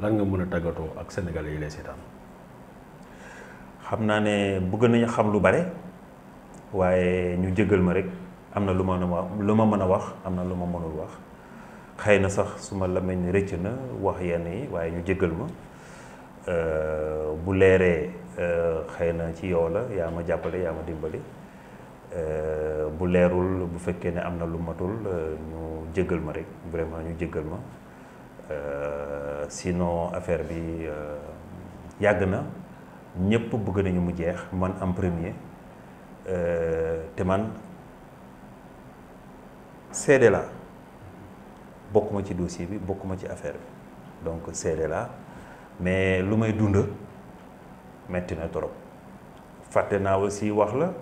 lan nga mën a tàggatoo ak sénégalais yi seetaan. xam naa ne bëgg nañu xam lu bare waaye ñu jëggal ma rek am na lu ma lu ma mën a wax am na lu ma mënul wax xëy na sax su ma la mel ni rëcc na wax yenn yi waaye ñu jëggal ma euh, bu leeree euh, xëy na ci yow yaa ma jàppale yaa ma dimbali euh, bu leerul bu fekkee ne am na lu matul ñu jëggal ma rek vraiment ñu jëggal ma. Euh, sinon affaire bi euh, yàgg na ñëpp bëgg nañu mu jeex man am premier euh té man cédé la bokuma ci dossier bi bokuma ci affaire bi donc cédé la mais lu may dund metti na trop faté na aussi wax la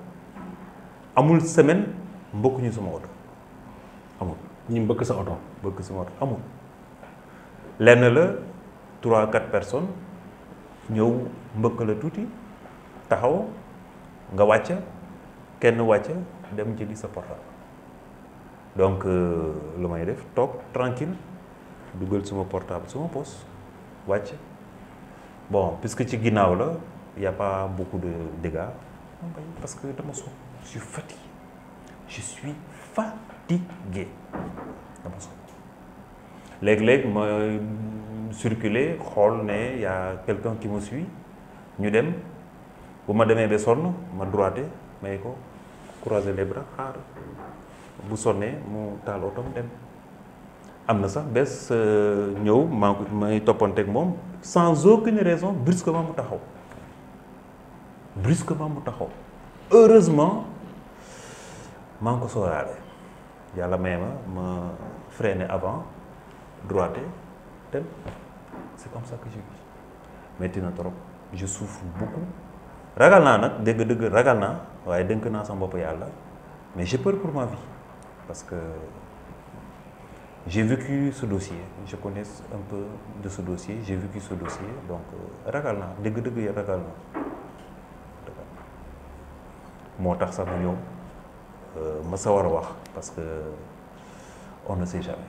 amul semaine mbokku ñu sama auto amul. ñu mbëkk sa auto mbëkk sama auto amul. lenn la trois quatre personnes ñëw mbëkk la tuuti taxaw nga wàcc kenn wàcc dem jëli sa portable donc euh, lu may def toog tranquille dugal suma portable suma poos wàcc bon puisque ci ginnaaw la y a pas beaucoup de dégâts parce que dama so je suis fatigué je suis fatigué dama so Je me ma circuler y a quelqu'un qui me suit ñu dem bu ma je suis ma droité croiser les bras Je bu mu tal suis dem Amna Je suis venu suis ma suis sans aucune raison brusquement mu Je brusquement mu heureusement Je suis ko y a la ma avant droité tel c'est comme ça que je vis Maintenant, je souffre beaucoup ragal naa nag mais j'ai peur pour ma vie parce que j'ai vécu ce dossier je connais un peu de ce dossier j'ai vécu ce dossier donc euh, ragal naa dëgg-dëgg Mon naa moo tax ma ñëw euh, parce que on ne sait jamais.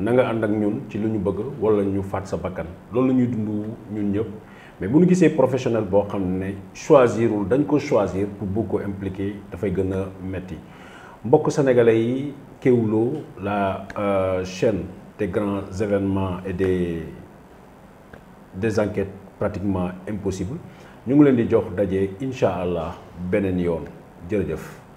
na nga ànd ak ñun ci lu ñu bëgg wala ñu faat sa bakkan loolu la ñuy dund ñun ñëpp mais bu ñu gisee professionnel boo xam ne choisirul dañ ko choisir pour bugg ko impliqué dafay gën a metti mbokk sénégalais yi Kéwoulo la euh, chaine des grands événements et des des enquêtes pratiquement impossibles ñu ngi leen di jox daje incha allah beneen yoon jërëjëf.